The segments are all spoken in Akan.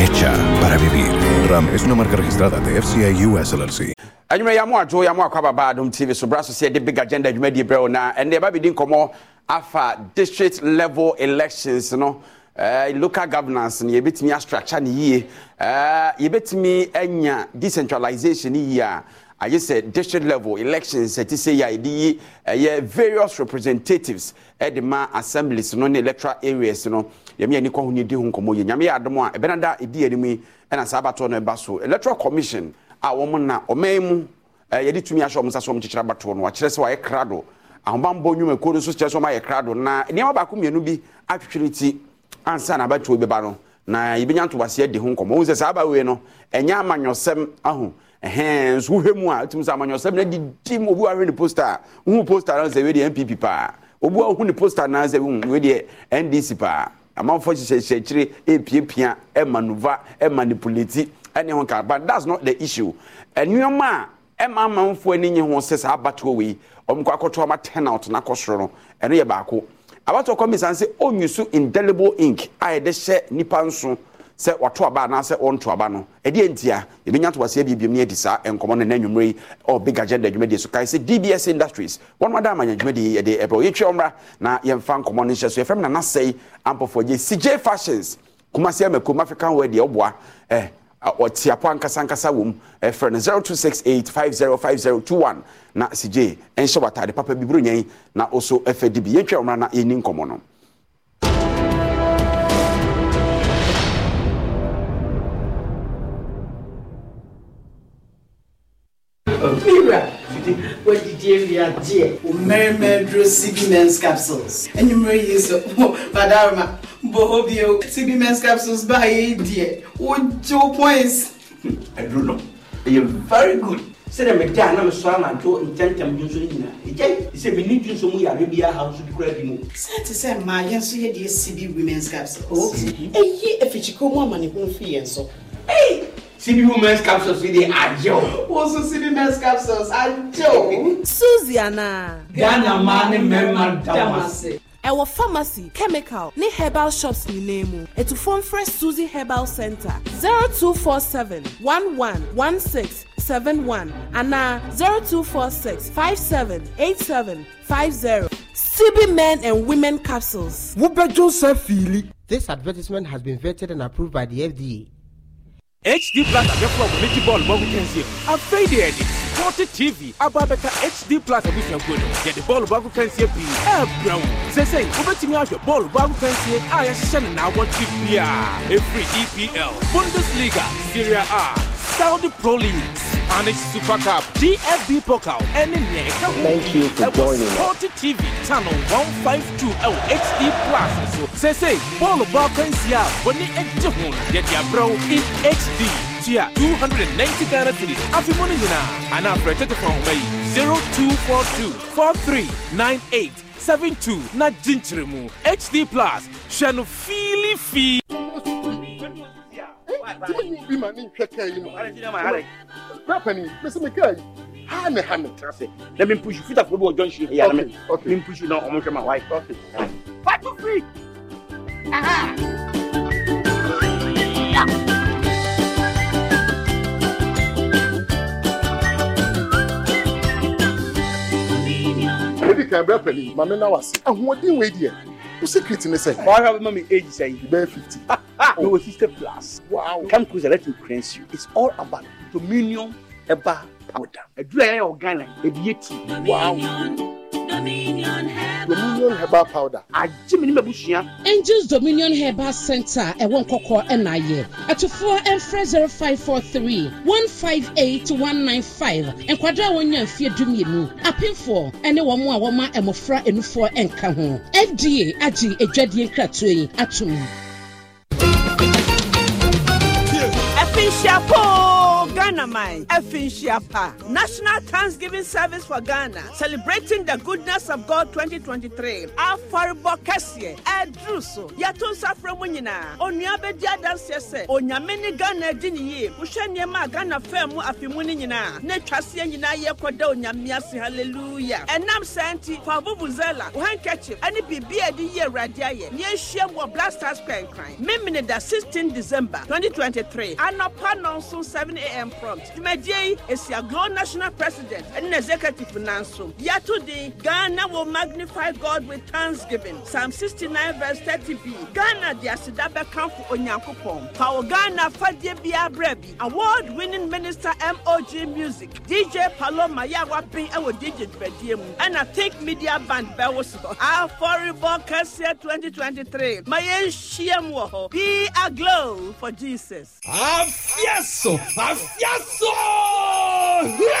hecha para vivir. Ram es una marca registrada de FCI US LLC. Adwuma yi amu adwo yi amu tv so braso si big agenda you di brɛ o na And they're ba bi afa district level elections no. Eh, local governance ni yɛbɛtumi astructure no yie uh, eh, yɛbɛtumi anya decentralization yie a ayɛ sɛ district level elections ɛte sɛ yɛ a yɛde yi ɛyɛ various representatives ɛde ma assemblies no ne electoral areas no yɛmi yɛn ni kɔn ho ni di ho nkɔmɔ yie nyame yɛ adom a ɛbɛn da edi yɛn mu yi ɛna saa abatoɔ no ɛba so electoral commission a wɔn na ɔman mu ɛɛ eh, yɛde tumi ahyɛ wɔn nsa so wɔn kyekyere abatoɔ no akyerɛ sɛ wɔayɛ krado ahobanbɔ nnwumakuo no nso kyerɛ sɛ wɔn krado na nneɛma baako mmienu bi atwitwere ti ansa na abɛtwerɛ bɛba no na yɛbɛnya ntobaseɛ di ho nkɔmmɔ wohu sɛ saa aba wei no ɛnyɛ amanyɔsɛm aho ɛhɛn nso wohwɛ mu a wotumi sɛ amanyɔsɛm no didi mu obi wahwɛ ne poster a wohu poster no sɛ wedeɛ npp paa obi wohu ne poster no sɛ wedeɛ ndc paa amanfoɔ hyehyɛ kyire epiapia ɛmanuva ɛmanipuleti ɛne ho kaa but that's not the issue nneɛma a ɛma amanfoɔ ani nye ho sɛ saa abatoɔ wei wɔn kɔ akɔtɔ ɔma turn out na soro no ɛno yɛ baako abatɔ kɔmisa sɛ ɔnwi so indelible ink a yɛde hyɛ nipa nso sɛ wato aba anaasɛ ɔnto aba no ɛdeɛ ntia yɛbɛnya ntoaseɛ bibiem ne adi saa nkɔmmɔ no na nnwumerɛ yi ɔ big agenda adwumadie so kae sɛ dbs industries wɔnom ada amanya dwumadi yɛde ɛbrɛ yɛtwɛ ɔmmra na yɛmfa nkɔmmɔ no nhyɛ so yɛfrɛ m nanasɛe ampɔfoɔ gye cj fashions Kumasi, kumase amakom african wɔ deɛ ɔboa eh, ɔtiapɔ ankasa ankasa wɔ mu ɛfrɛ no 0268505021 na sigye ɛnhyɛ watade papa bi boro nyɛn na ɔso ɛfɛ di bi yɛtwa ɔmra na yɛni nkɔmmɔ no gyidie wiadeɛ ommɛrima duro cb mens capsules anwummerɛ yi so oh, badaroma bɔhɔ bio cb mens capsules baa yɛyi deɛ wogyew points aduro no ɛyɛ very good sɛdɛ mede a na mesɔ anadwo ntɛmtɛm dwo nso no nyinaa ɛgyae sɛ menni dwo nso mu yare bi aha nso bi koraa bi mu sɛ te sɛ mmaa yɛn nso yɛdeɛ cb womens capsules ɛyi afikyikɔ mu ama ne ho mfi yɛn so CB Men's Capsules fi dey ajo. Wosu CB Men's Capsules ajo. Suziana. Ghana maa ni mẹ́rìnmá dàmásì. Ẹ̀wọ̀ pharmacy, chemical ní herbal shops nínú mu. Ètùfọ́ ń fẹ́ Suzy Herbal Center zero two four seven one one one six seven one ana zero two four six five seven eight seven five zero. CB Men and Women Capsules. Wúbẹ́jọ́ sẹ́fìlì. This advertisement has been vetted and approved by the FDA. HD Plus àbẹ́fọ́ ọ̀gbọ̀n méjì bọ́ọ̀lù mọ́ wíkẹ́ǹsì àfẹ́yìdì ẹ̀dì Sporty TV ababẹ́ka HD Plus ẹ̀gúsùn ẹ̀gbọ́n yẹ̀dì bọ́ọ̀lù bá wíkẹ́ǹsì bi ẹ̀ brẹ̀wò sẹ́sẹ́ yìí wọ́bẹ̀tìmí ahwẹ̀ bọ́ọ̀lù bá wíkẹ́ǹsì a yẹ ṣiṣẹ́ nínú àwọn tí bíà efiri EPL Bundesliga Serie A Saudi Pro Leagues and its Super Cup, DFB Pokal, and in the Thank you for joining us. TV, channel 152 LHD Plus. So, say, say, Ball Balkans, yeah, when the Ejihun, get your bro in HD. Tia 290 Ghana cities. Afi money na. And after take from way 0242 4398 72 na Jinchiremu HD Plus. Shano feely Fee tumi bi ma ne nhwɛ kaa yi mu rapani mese me kaa yi ha ne ha ne na me mpusu fita fo bi wɔ junction yi yana me me mpusu na ɔmo hwɛ ma wae fatu fi aha kan bɛrɛ pɛni maame na wase ahoɔden wei deɛ wo secret ne sɛ ɔhwɛ ma me age sɛ yi bɛyɛ no, 50 plus. Wow. Come closer, let me cleanse you. It's all about Dominion Eba powder. Adura yẹn yẹ Ghana, ebi yẹ ti. Wow. Dominion herbal powder. Agye mi ni mẹ busua. Angels Dominion Herbal Center ẹ̀wọ̀ nkọ̀kọ̀ ẹ̀nà ayẹ. Ẹ̀tùfọ́ ẹ̀fẹ́ zero five four three one five eight one nine five. Nkwadaa a wọ́n yàn fi dumienu. Apinfoɔ ɛne wɔn a wɔn ma mmɔfra enufoɔ ɛnka ho. FDA agye edwadie nkratoɔ yi atum. Chapo! Ghana Mine, National Thanksgiving Service for Ghana, celebrating the goodness of God 2023. Edruso, Ghana Afimunina, Onyamiasi, Hallelujah. And Santi, Fabubuzela, Handkerchief, and it be a year Radia, Near Shem or Blasters Crank Crime. Mimini the 16th December 2023, Anapa Nonson 7 a.m prompt DJ is your global national president and executive financial. yɛato de ghana will magnify god with thanksgiving psalm 69 verse 30b ghana de aseda bɛkamfo onyankopɔn fa wo ghana fadeɛ biara brɛ award winning minister mog music dj paloma yɛ a wapen dj dwumadie mu ɛna think media band Our so afɔrebɔ kɛseɛ 2023 ma yɛnhyia mu wɔ hɔ be for jesus afiɛ so afiɛ Yay!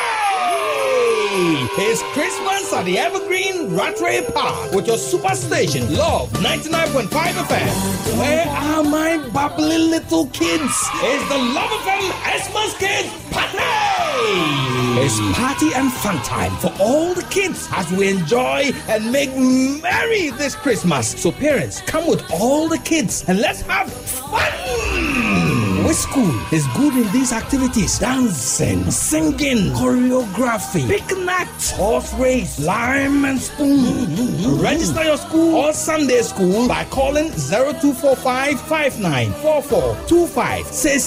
It's Christmas at the Evergreen Rattray Park with your superstation, Love 99.5 FM. Where are my bubbly little kids? It's the Love FM Xmas Kids Party! It's party and fun time for all the kids as we enjoy and make merry this Christmas. So, parents, come with all the kids and let's have School is good in these activities dancing, singing, choreography, picnics, horse race, lime and spoon. Mm-hmm. Register your school or Sunday school by calling 0245 594425. Says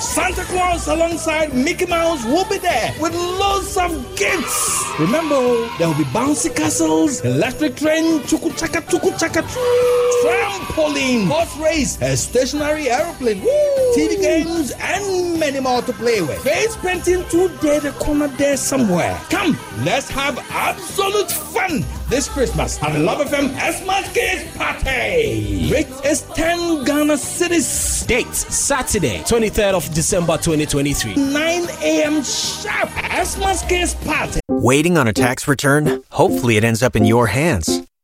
Santa Claus alongside Mickey Mouse will be there with loads of gifts. Remember, there will be bouncy castles, electric train, chuku chaka, chuku chaka, choo trampoline, horse race, a stationary aeroplane, Woo! TV games, and many more to play with. Face painting today, the corner there somewhere. Come, let's have absolute fun this Christmas at the Love FM Xmas Kids Party. Rate is 10 Ghana cities. Date Saturday, 23rd of December 2023. 9 a.m. sharp. Xmas Kids Party. Waiting on a tax return? Hopefully, it ends up in your hands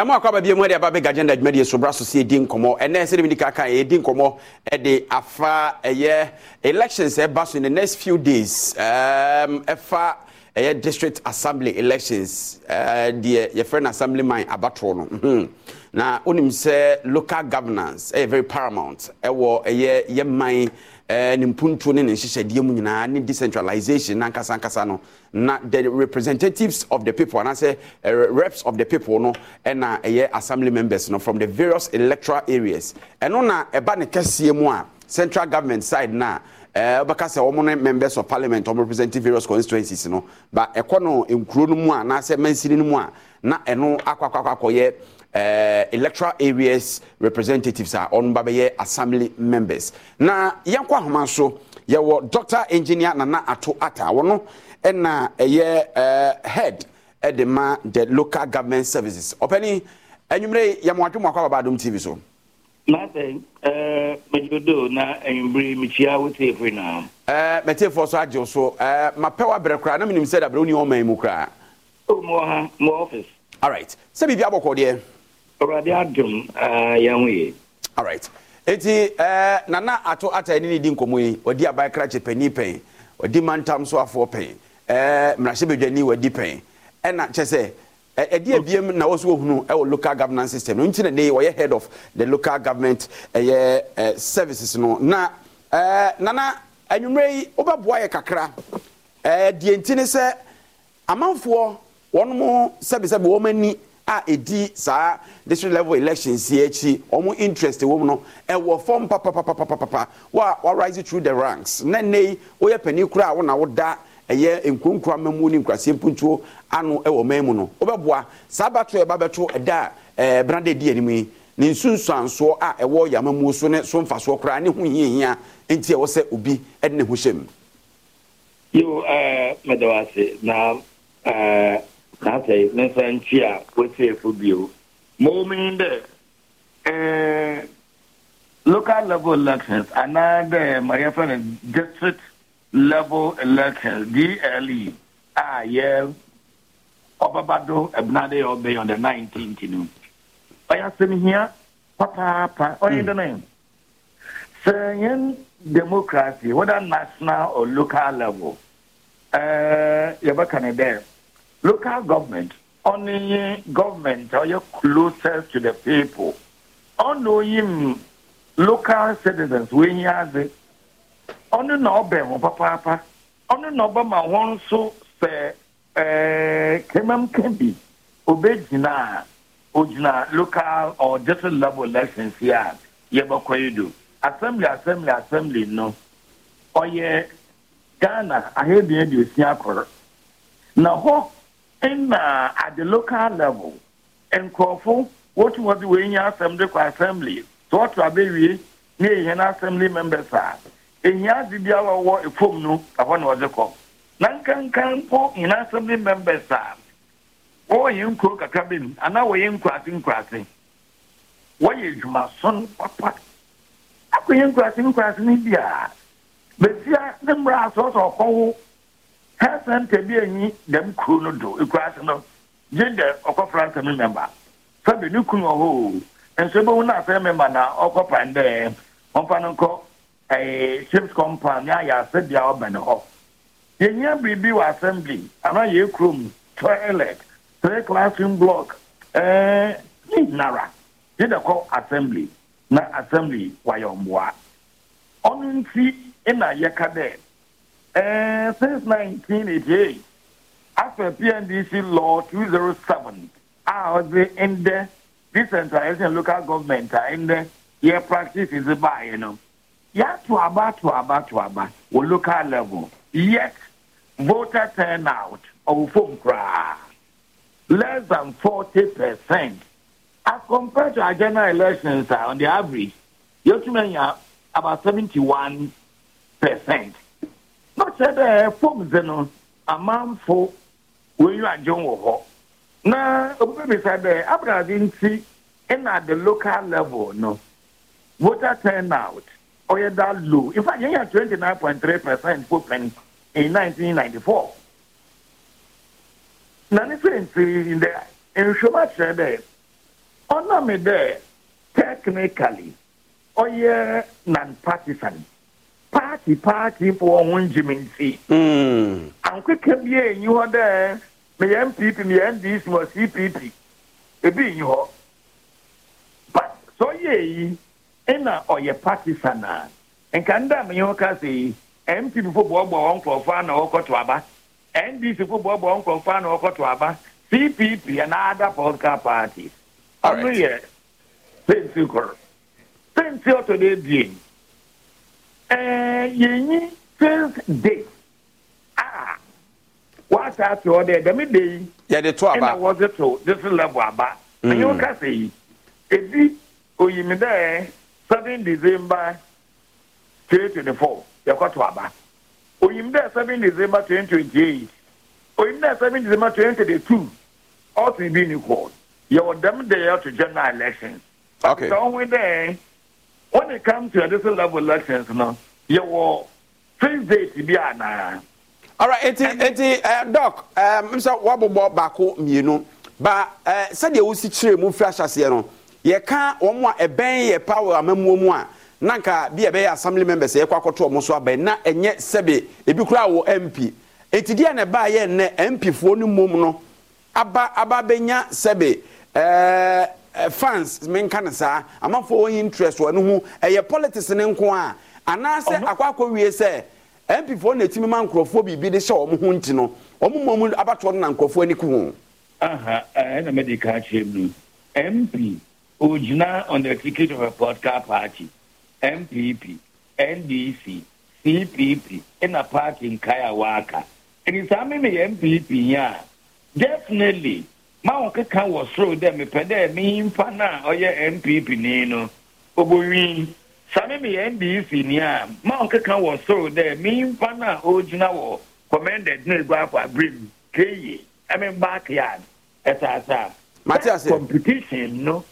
yàmú akɔ ababie mu ɛde aba abɛga agenda dwumadie so braso si edi nkɔmɔ ɛnɛ ɛsɛ de mi di kaka edi nkɔmɔ ɛde afa ɛyɛ elections ɛba eh, so in the next few days ɛɛm ɛfa district assembly elections ɛɛ deɛ yɛfrɛ assembly man abatoɔ no. Mhm na wonim sɛ local governance ɛyɛ very paramount ɛwɔ ɛyɛ yɛ man ne mpuntuo ne ne nhyehyɛdeɛ mu nyinaa ne decentralization nankasa nkasa no na the representatives of the people anaasɛ uh, reps of the people no ɛna ɛyɛ assembly members no from the various electoral areas ɛno na ɛba ne kɛseɛ mu a central government side na wobɛka sɛ wɔn ne members of parliament wɔn represent various constituencies no ba ɛkɔ no nkuro no mu a anaasɛ mansini no mu a na ɛno akɔ akɔ akɔ akɔyɛ uh, electoral areas representatives are on Babaye assembly members na yɛnkɔ ahoma so yɛwɔ doctor engineer nana ato ata wɔno ɛna ɛyɛ eh, head ɛde ma the local government services ɔpɛni enyimire yamuadwo mu akɔ ababa tv so. Nothing. Uh, eh, Mejudo na enyimbre michia wote free na. Uh, mete for so agye so. Uh, mapewa brɛ kra na minim sɛ da brɛ oni ɔman mu kra. Oh, mo ha, mo office. All right. Sɛ bibi abɔkɔ deɛ awurade adum eh, yɛn ho all right eti ɛɛ eh, nana ato ata ɛni ni di nkɔmɔ yi ɔdi abayakrakye panyin pɛn ɔdi mantam so afoɔ pɛn ɛɛ eh, mmarahyɛbadwani wɔdi pɛn ɛna kyɛ sɛ ɛdi ebiem na wɔso ohunu ɛwɔ local governance system no nti na ne wɔyɛ head of the local government ɛyɛ ɛ services no na ɛɛ nana enyimire yi wɔbɛboa yɛ kakra ɛɛ deɛ nti ne sɛ amanfoɔ wɔn mo sɛbisɛbi wɔn ani. a ɛdi saa district level elections yi akyi wɔn interest wɔ mu no ɛwɔ fam papapapapapa wa wa rise through the ranks na nne yi woyɛ panyin kura a wɔn na wɔda ɛyɛ nkurunkura mɛmu ne nkurasi mpuntuo ano ɛwɔ mɛmu no wɔbɛboa saa bato ɛba bɛto ɛda ɛɛ brande di anim yi ne nsunsuansoɔ a ɛwɔ yamamu so ne so mfasoɔ koraa ne ho hiahia nti ɛwɔ sɛ obi ɛde ne ho hyɛ mu. yiwu ɛɛ mɛdawa na ɛɛ. na sɛ ne nsa nkyi a wɔsiefo bio ma ɔmenim dɛ eh, local level elections anaa dɛ ma yɛfrɛ no district level elections dle a yɛ ɔbaba do ɛbenade yɛ ɔbɛyɛ on the nineteenth no ɔyɛ asɛm hia papaapa ɔyɛ hmm. dɛ no sɛ yɛn democracy whether national or local level eh, yɛbɛka ne dɛ local government only government are you closest to the people only local citizens when you have it only no bem oh, papa only no bema one so say eh kemam kebi obegyina ogyina local or district level elections here yɛbɛkɔ yi do assembly assembly assembly no ɔyɛ oh, ghana ahebien de osia kɔrɔ na hɔ na uh, at the local level nkurɔfo wotu wɔde wee nye asɛm de kɔ assembly so abɛwie ne ehia na assembly members a ehia adi bi a wɔwɔ efom no ɛhɔ na wɔde kɔ na nkankan mpo nyina assembly members a wɔyɛ nkuro kakra bi mu anaa wɔyɛ nkurase nkurase wɔyɛ adwuma son papa akɔyɛ nkurase nkurase no bi a besia ne mmerɛ asɔsɔ ɔkɔwo. health center bi enyi dem kuro no do ekura ase no gender ɔkɔfra asɛm mɛmba fɛbi ne kunu wɔ hɔ o nso ebi wuna asɛm mɛmba na ɔkɔpa ndɛ ɔmfa no nkɔ ɛɛ chips compound ne ayɛ ase bia ɔbɛn hɔ yɛnyɛ biribi wɔ assembly ana yɛ kurom toilet three classroom block ɛɛ eh, ne nara gender kɔ assembly na assembly wayɛ ɔmboa ɔno nti ɛna yɛka dɛ. Eh, since 1988, after PNDC Law 207, I was in the decentralization local government in the year practice is by, you know. Yeah, to about, to about, to about, local level. Yet, voter turnout of phone less than 40%. As compared to our general elections, uh, on the average, you have about 71%. na kyerɛ fom dze amamfo amanfo wɔnyu na wɔ hɔ na obɛbisa dɛ abrade nti na the local level no voter turnout ɔyɛ that low in fact yɛnya 29.3 percent in 1994 na ne sɛ nti dɛ nhwɛm akyerɛ dɛ ɔname dɛ technically ɔyɛ na partizan. paati paati foɔ ho ngyem nti hmm. ankeka bi ɛnyi hɔ dɛ meyɛ mpp meyɛ ndc mɔ cpp ebi nyi hɔ but sɛ ɔyɛ yi ɛna ɔyɛ sanaa nka nda meyɛ hɔ kasa yi mpp fo boaboa wɔn ana aba ndc fo boaboa wɔn nkurɔfoɔ ana aba cpp and other political parties ɔno yɛ ɔtɔ de ebien. yɛnyi first day a ah, wasa ase hɔ dɛ dɛm de yi yɛde to aba ɛna wɔdze to this level aba mm. ɛnyɛ wo kasa yi ebi oyimi dɛ seven december twenty twenty four yɛkɔ to aba oyimi dɛ seven december twenty twenty eight oyimi dɛ seven december twenty twenty two ɔtun bi ni kɔ yɛwɔ dɛm de yɛ to general election. okay sɛ ɔhun dɛ when it comes to a different level elections no yɛwɔ fixed date bi anaa. alright eti eti uh, doc um, sɛ wabobɔ baako mmienu ba uh, sɛdeɛ wosi kyerɛ mu firi ahyɛseɛ no yɛka wɔn a ɛbɛn yɛ power amamuo mu a nanka bi ɛbɛyɛ assembly members yɛkɔ akɔtɔ wɔn so abɛn na ɛnyɛ sebe, ebi koraa wɔ mp eti deɛ na ɛbaa yɛ nnɛ mp foɔ no mu no aba aba bɛnya sɛbe ɛɛ. Uh, Eh, fans menka ne saa amafo wɔn interest wɔ ne ho ɛyɛ politics ne nko a anaasɛ akɔakɔ wie sɛ mp4 na etimi ma nkurɔfoɔ biribi de hyɛ wɔn ho nti no wɔn mu mu abatoɔ na nkurɔfoɔ ani ko aha eh, ka kyerɛ mu mp ogyina on the ticket of a political party mpp ndc cpp ɛna party nkae a mi yɛ mpp yɛn a definitely. ma wọn keka wɔ soro dɛ mepɛ dɛ mimfa no a ɔyɛ npp ni no obonwin same meyɛ ndc ni a ma wọn keka wɔ soro dɛ mimfa no a ɔgyina wɔ commended ne gu afɔ abirim keye ɛmi backyard ɛsaasa matias eh? competition no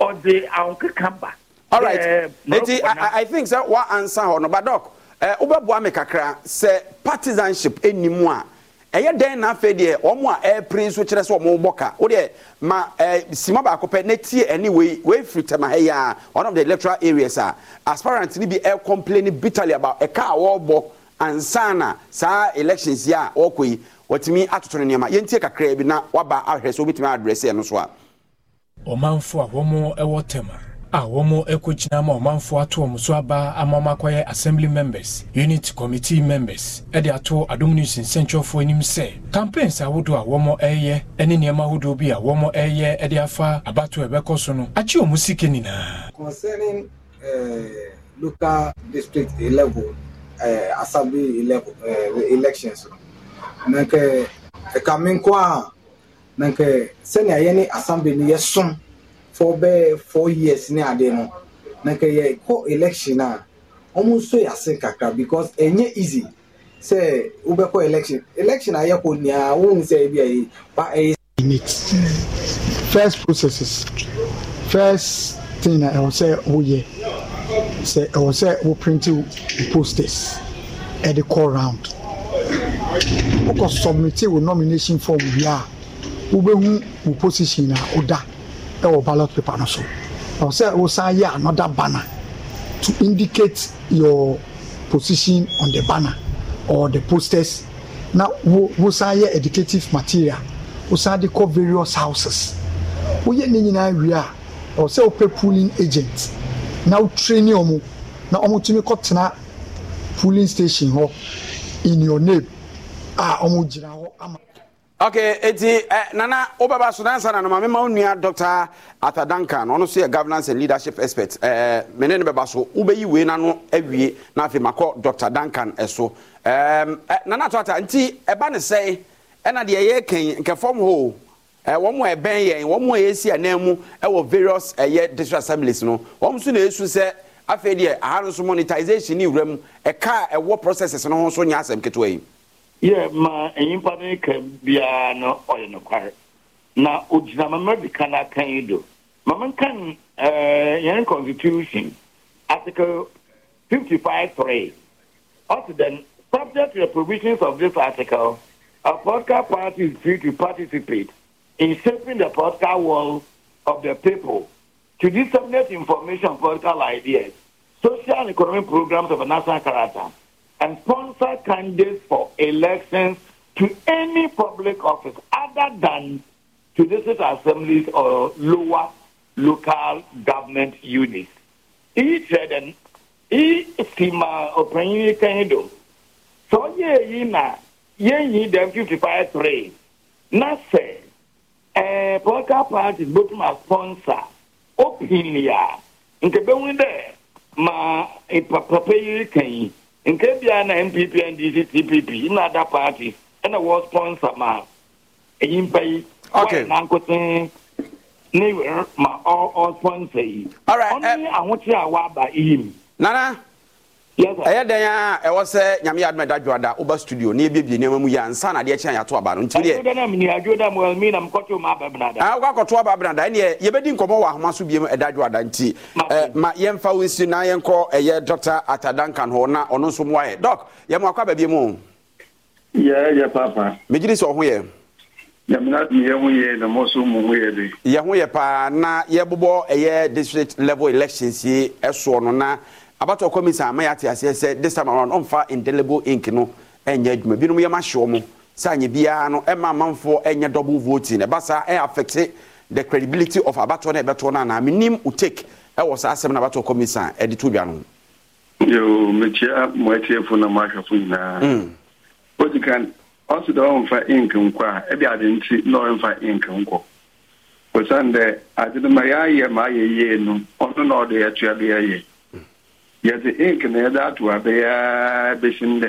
ɔde àwọn keka ba. all right eh, eti i i think sɛ wa answer hɔ no but doc ɛ eh, bua mi kakra sɛ partisanship ɛni mu a ɛyɛ dɛn na afei deɛ wɔn a ɛrepere nso kyerɛ sɛ wɔn bɔ ka o deɛ ma ɛɛ sima baako pɛ ne tie ɛni wei wei firi tɛm ha yi one of the electoral areas a aspirant ni bi ɛkɔmpleni bitterly about ɛka a wɔrebɔ ansana saa elections yi a wɔrekɔ yi wɔtumi atoto ne nneɛma yɛn tie kakra bi na waba ahwɛ sɛ wɔbɛtumi adrɛsɛ no so a. ɔmanfo a wɔn ɛwɔ tɛm a wɔn kɔgyina ma ɔmanfoɔ ato wɔn so aba ama wɔn akɔyɛ assembly members unit committee members de ato adom news nsɛnkyɛwfoɔ anim sɛ campaigns ahodoɔ a wɔn reyɛ ne nneɛma ahodoɔ bi a wɔn reyɛ de afa abato a ɛbɛkɔ so no akye wɔn sika nyinaa. concerning uh, local district level uh, eh, assembly level uh, eh, elections nankɛ ɛka mi nankɛ sɛnea yɛ ne assembly no yɛ som. for bɛɛ four years ne adeɛ no na ka yɛ kɔ election a wɔn nso yɛ ase kakra because ɛnyɛ easy sɛ wobɛkɔ election election ayɛ kɔ nyinaa wɔn sɛ ebi ayɛ ba ɛyɛ. unit first processes first thing na ɛwɔ sɛ woyɛ sɛ ɛwɔ sɛ wo print posters ɛde kɔ round wokɔ submit wo nomination form bi a wobɛhu wo position na woda ɛwɔ ballot paper no so ɛwɔ sɛ wosan yɛ another banner to indicate your position on the banner or the posters na wo wosan yɛ educative material wosan de call various houses woyɛ ne nyinaa wie a ɛwɔ sɛ wopɛ polling agent na wotraini ɔmo na ɔmo tumi kɔtena polling station hɔ in your name a ɔmo gyina hɔ ama okay eti eh, nana wobɛba so nansa na no mame ma doctor nua dr atadankan ɔno so yɛ governance and leadership expert eh, mene ne bɛba so wobɛyi wei na no awie na afei makɔ dr dankan eh, eh, nana ato ata nti ɛba ne sɛe ɛna deɛ yɛkɛn nkɛfam hɔ eh, wɔn a ɛbɛn yɛn wɔn a yɛsi anan mu ɛwɔ various ɛyɛ eh, district assemblies no wɔn nso na ɛsu sɛ afei deɛ aha no so monetization ni wura mu ɛka a ɛwɔ processes no ho nso nyɛ asɛm ketewa yi yɛ ma nyimpa no ka biara no ɔyɛ nokware na ogyina mama di ka n'aka yi do mama nkan eh, yɛn constitution article fifty five three ɔsi dɛn subject to the provisions of this article a political party is free to participate in shaping the political world of the people to disseminate information political ideas social and economic programs of a national character and sponsor candidates for elections to any public office other than to district assemblies or lower local government units. Etreden, Estima Opinion Kendo. So ye na ye them fifty five three. Na say eh political parties but my sponsor opinion opinia. Nke be ma papa yi kan nke bia na npp ndc tpp na ada party ɛna wɔ sponsor ma eyi mpa yi okay. na nkote ne ma ɔ ɔ sponsor yi ɔne ahokye a waba iyi mu. nana ɛyɛ dɛn a ɛwɔ sɛ nyame adoma da dwoada woba studio na yɛbiebie nneɛma mu yɛ ansa na adeɛ kyɛn yɛato aba no ntiwokɔ akɔto aba benada ah, ɛneɛ yɛbɛdi nkɔmmɔ wɔ ahoma so biemu ɛda dwoada nti eh, ma yɛmfa wo nsi na yɛnkɔ ɛyɛ dr. atadankan hɔ na ɔno nso mmoa yɛ dɔc yɛmo akɔ ababie mu yɛyɛ papa megyere sɛ ɔho yɛ yɛ ho yɛ paa na yɛbobɔ ɛyɛ district level elections yi ɛsoɔ no na abatɔ kɔmisa ama yɛate aseɛ sɛ this time around ɔmfa indelible ink no ɛnyɛ adwuma binom yɛm ahyew mo sɛ anyɛ biara no ɛma amanfoɔ ɛnyɛ double voting na ɛba e saa ɛyɛ affecte the credibility of abatɔ no ɛbɛtɔ no anaa menim wo take ɛwɔ saa asɛm no abatɔ kɔmisa ɛde to dwa no yo mekyia mmoatiefo e na moahwɛfo nyinaa ɔdi kan ɔse dɛ ɔmfa ink nkɔ a ɛbi ade nti na ɔmfa ink nkɔ osiane dɛ ade no ma yɛayɛ ma ayɛ yie no ɔno na ɔde yɛdze ink na yɛde ato abɛyɛ bɛsi ndɛ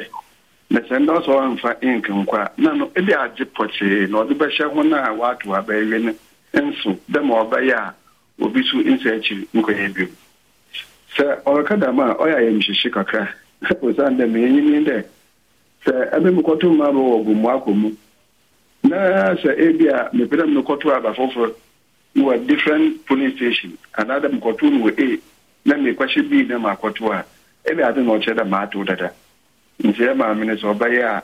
na sɛ ndɛ ɔsɛ ɔmfa ink nkɔ na no ɛde agye pɔkyee na ɔde bɛhyɛ ho na a wato abɛyɛ no nso dɛ ma ɔbɛyɛ a obi so nsa akyiri nkɔyɛ bio sɛ ɔreka dam a ɔyɛ kakra dɛ sɛ ɛbɛ ma bɛ wɔ gomu akɔ mu na sɛ ebi a mepɛ dɛ mekɔto aba foforɔ wɔ different police station anaa dɛ wɔ a na mekwahye bii na maakɔto a ebe ade na ɔkyerɛ ma maatow dada nti ɛ maame no sɛ ɔbɛyɛ a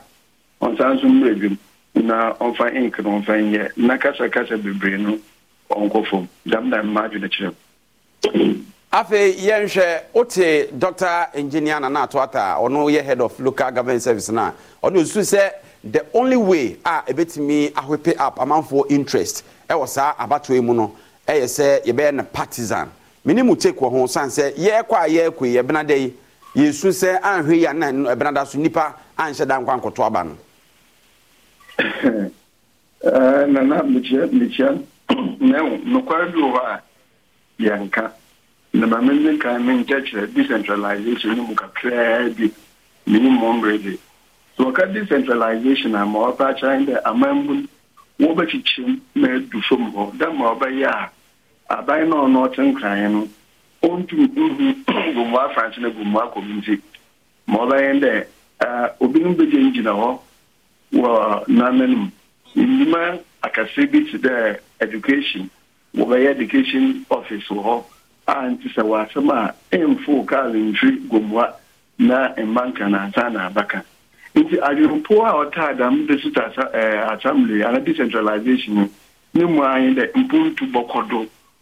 ɔnsan nso mmerɛ dwom na ɔmfa ink na ɔmfa nyɛ na kasakasa bebree no ɔnkɔ fam dam na mma adwene kyerɛ m afei yɛnhwɛ wote dr engineer nana atoata ɔno yɛ head of local government service na a ɔno ɔsusu sɛ the only way a ɛbɛtumi e ahwepe up amanfoɔ interest ɛwɔ e saa abatoa e mu no ɛyɛ sɛ yɛbɛyɛ na partisan mene mu take wɔ ho ya sɛ yɛrekɔ a yɛrekɔ yi ɛbena da yi yɛsu sɛ anhwɛ yi a na da so nipa anhyɛ da nkwa nkɔto aba no eh, nana mekyia mekyia nahu nokware bi wɔ hɔ a ka na ma menne nkyɛkyerɛ decentralization no mu kakraa bi menim mmɔmmerɛ de wɔka decentralization a ma wɔpɛ akyerɛ dɛ mu ma fam hɔ dɛ ma a abanye nọ n'ọchị nkranyịnụ otu ihu bụ mgbe afọ achị na-ebu mgbe akọmiti ma ọ banye ndị obi mbeje njina hɔ wɔ na mu ndima akasɛ bi te dɛ education wɔbɛyɛ education office wɔ hɔ a nti sɛ wɔasɛm a ɛmfo kaal mfiri gomwa na mma nka nansa na abaka nti adwempo a ɔtaa dam desita eh, assembly ana decentralization ne mu anyị dɛ mpuntu bɔkɔdo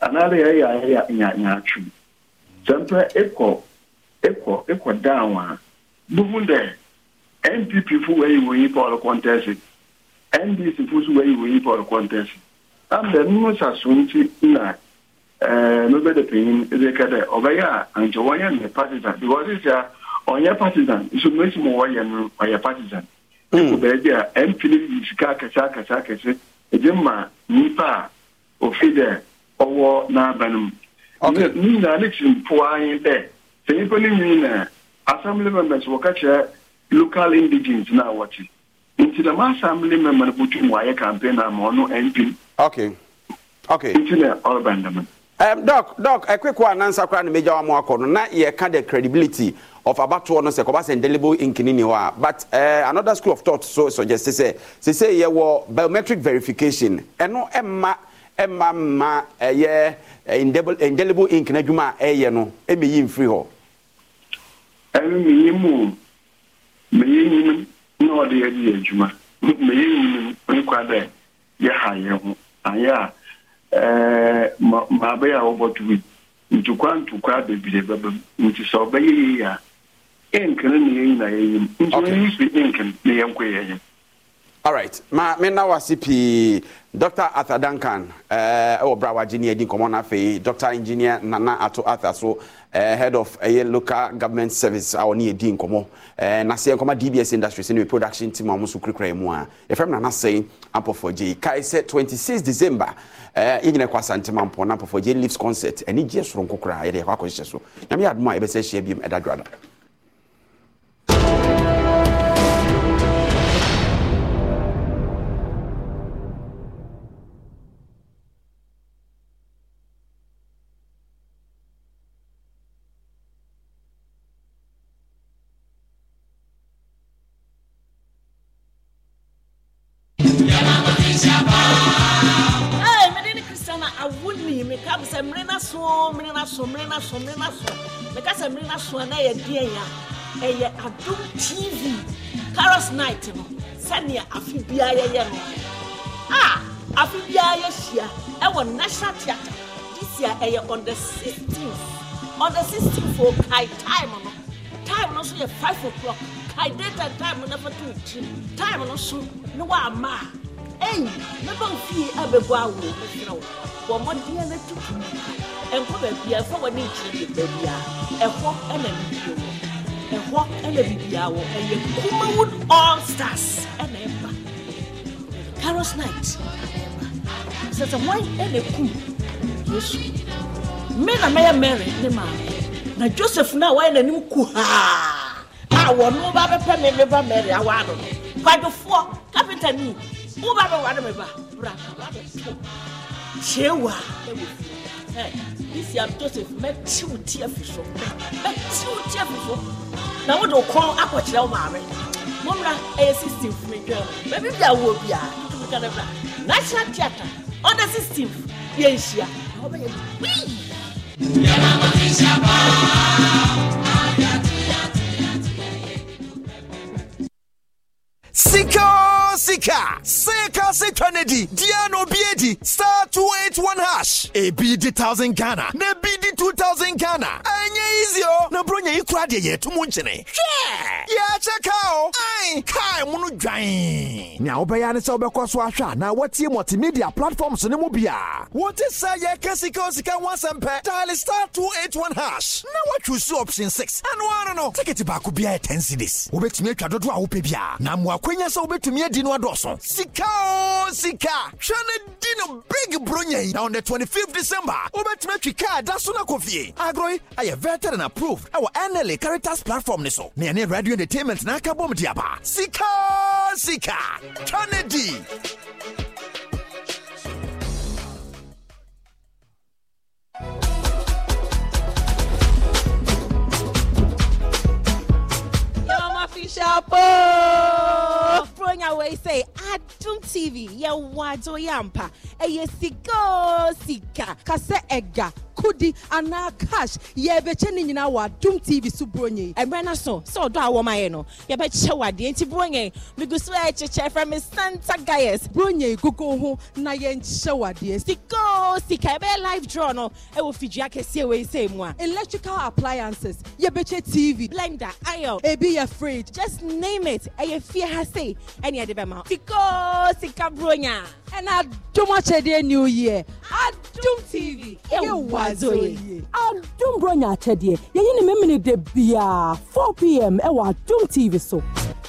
anaghị ya nyaatwom sɛ mpɛ ɛkɔ down ịkọ buhu dɛ npp fo wɔayi wɔ yi paul kɔntɛse ndc fo so wɔayi wɔ yi paul kɔntɛse no sa na mɛbɛdɛ panyin de a ankyɛ wɔnyɛ a ofi ɔwɔ n'aba no mu ne nyinaa ne kyiri mpoa yi dɛ sɛ nnipa no nwii na assembly members wɔka kyerɛ local indigens na wɔte nti dɛm assembly member no bɔtwi mu ayɛ campaign ama ɔno mp okay okay nti na ɔreba ndam no Um, doc doc a quick one answer kora na major amu akɔ no na yɛka the credibility of abatoɔ no sɛ kɔba sɛ indelible nkini ni hɔ a but uh, another school of thought so suggest sɛ sɛ sɛ yɛwɔ biometric verification ɛno ɛma e ɛma ma ɛyɛ eh, indelible ink n'adwuma a ɛyɛ no ɛmɛyi mfiri hɔ ɛno meyi mu meyi nyinim na ɔde ya yɛ adwuma meyi nyinim nkwa dɛ yɛha yɛ ho ayɛ a eh, maabɛyɛ a bebree bɛbɛm nti sɛ ɔbɛyɛ yie a ink no na yɛ nyina yɛyim nti ɔyi ink no ne yɛnkɔ all right ma me na wase pii dr arthur duncan ɛwɔ eh, uh, brawa gye ne adi nkɔmmɔ no dr engineer nana ato arthur so uh, head of ɛyɛ eh, local government service a ɔne yɛdi nkɔmmɔ uh, naseɛ nkɔma dbs industries ne production team a ɔmo so kurakura mu a yɛfrɛ m nana sɛe ampɔfoɔ gye kae sɛ 26 december uh, yɛnyina kɔ asantem ampɔ na ampɔfoɔ gye leaves concert ɛne gyeɛ soronko koraa yɛde yɛkɔ akɔhyehyɛ so nyame yɛ adom a yɛbɛsɛ hyia biom ɛda dwada so me na so meka sɛ mmere na so a na yɛ deɛ yɛ a ɛyɛ adom tv carros night no sɛnea afe biara yɛyɛ no a afe biara yɛhyia ɛwɔ national theater. this year e ye on the 16th on the 16th for kae time no time no so ye 5 o'clock kae date and time no fa to time no so ne wa a ɛyi ne ba fie abɛbɔ awo mesrɛ wo bɔ mmɔdeɛ no tutu ɛnkɔ baabia fa wɔne nkyerɛ de baabia ɛhɔ ɛna bibia wɔ ɛhɔ ɛna bibia wɔ ɛyɛ kumawood all stars ɛna ɛba e caros night sɛ sɛ wɔn ɛna kum yesu me na mɛyɛ mary ne maame na joseph na wɔyɛ n'anim kuhaa a wɔn no ba bɛpɛ me me ba mary awaado kwadwofoɔ kapitani mo b'a bɛ wa ne bɛ ba bura kaba bɛ fo tiɲɛ wa e b'o fɔ ɛ i si a bɛ to sen fɛ mɛ tiw tiɲɛ fi so mɛ tiw tiɲɛ fi so na o don kɔn a kɔ o ma mɛ mo bila e ye sixteen fun mi jɔ mɛ mi bila wo bia tutu ka ne bila national theatre under sixteen yɛ n siya aw bɛ yɛ gbii. yàrá ti sábà. Sika, Sika a seka se Diano ne star 281 hash ebi di thousand ghana na bi two thousand ghana ɛnyɛ easy o na bro nya yi kura deɛ yɛ to mu nkyene hwɛ yɛakyɛ kaa o ai kaa mu no dwan nea wobɛyɛ ne sɛ wobɛkɔ na watie multimedia platforms ne mu bia wote sɛ yɛka sika o sika ho asɛm dial star 281 hash na watwe so option 6 ɛno ano no ticket baako biara 10 cedis wobɛtumi atwa dodoɔ a wopɛ bia na mmoakwanya sɛ wobɛtumi adi no adɔɔso sika o oh, sika hwɛ ne di no big bro nyɛn na on the 25th december wobɛtumi atwi kaa da so no akɔ fie agorɔ yi ayɛ vetted and approved ɛwɔ nla caritas platform ne so na yɛne radio entertainment na aka bɔm diaba sika oh, sika hwɛ ne di Shapo. Fronya way say tv ya wajo yampa, ɛyɛ eh, sika sika kase ega. Eh, akodi anaa cash yɛbɛkyɛ ne nyinaa wɔ adum tv so buronyi. ɛmɛ na so sɛ ɔdɔ awɔ ma no yɛbɛkyɛ wɔ adeɛ nti buronyi migu so ɛkyekyɛ fɛn mi santa gayɛs. buronyi gugu ho na yɛnkyɛ wɔ adeɛ. sikoo sika ɛbɛyɛ live draw no ɛwɔ fidua kɛseɛ wɔ ese mu a. electrical appliances yɛbɛkyɛ tv. blender iron. ebi yɛ fridge. just name it ɛyɛ fie ha se ɛni ɛde bɛ ma. sikoo sika buronyi a. ɛna adumakyɛdeɛ new year adum tv ɛyɛ wa azoye adum bronya akyɛdeɛ yɛyi ne memene da biaa 4pm ɛwɔ adum tv so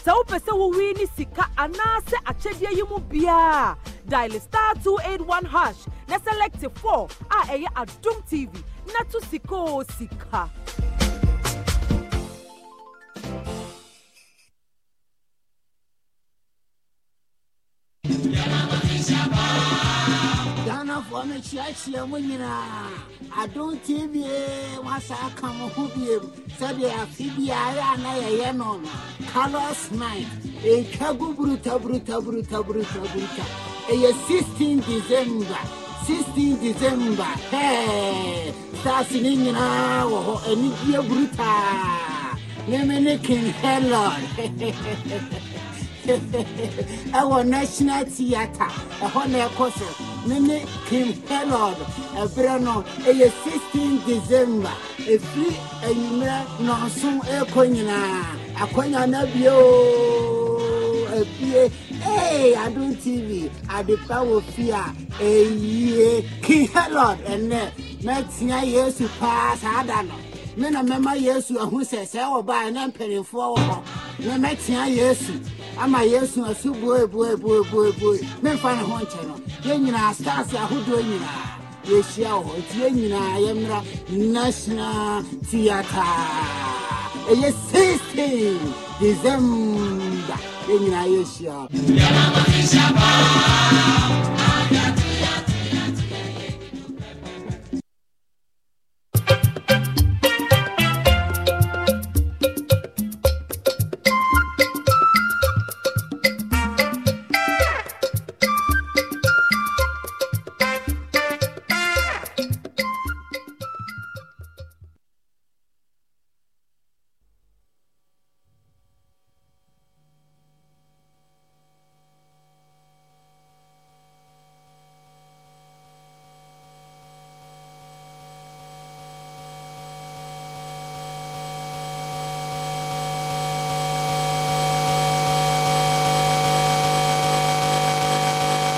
sɛ wopɛ sɛ wowie ne sika anaasɛ akyɛdeɛ yi mu biaa dial star 281 hash na select 4 a ɛyɛ adum tv na to sika o sika wɔmekyeakyea mu nyinaa adom tv wasa aka mo ho biom sɛdeɛ afe biara na yɛyɛ no no carlos night ɛtwa e gu brutabrutabrutabrutabruta ɛyɛ e 16 december 16 december hɛ stars ne nyinaa wɔ hɔ anigyeɛ brutaa meme ne king helon ɛwɔ national theatre ɛhɔ na ɛkɔ so Mene Kim Kellogg ɛberɛ no ɛyɛ 16 december ɛfiri anwummerɛ nɔnson ɛkɔ nyinaa akɔnya na bio abie ee adom tv adepa wɔ fie a ɛyie Kim Kellogg ɛnɛ mɛtea yesu paa saa da no me na mɛma yesu ahu sɛ sɛ wɔbaa ɛna mpanimfoɔ wɔ hɔ na mɛtea yesu ama yɛsu ase buebuebuebuebue memfa ne ho nkyɛ no yɛn nyinaa stars ahodoɔ nyinaa yɛhyia wɔ hɔ nti yɛn nyinaa yɛmmra national theatre ɛyɛ 16 december yɛn nyinaa yɛhyia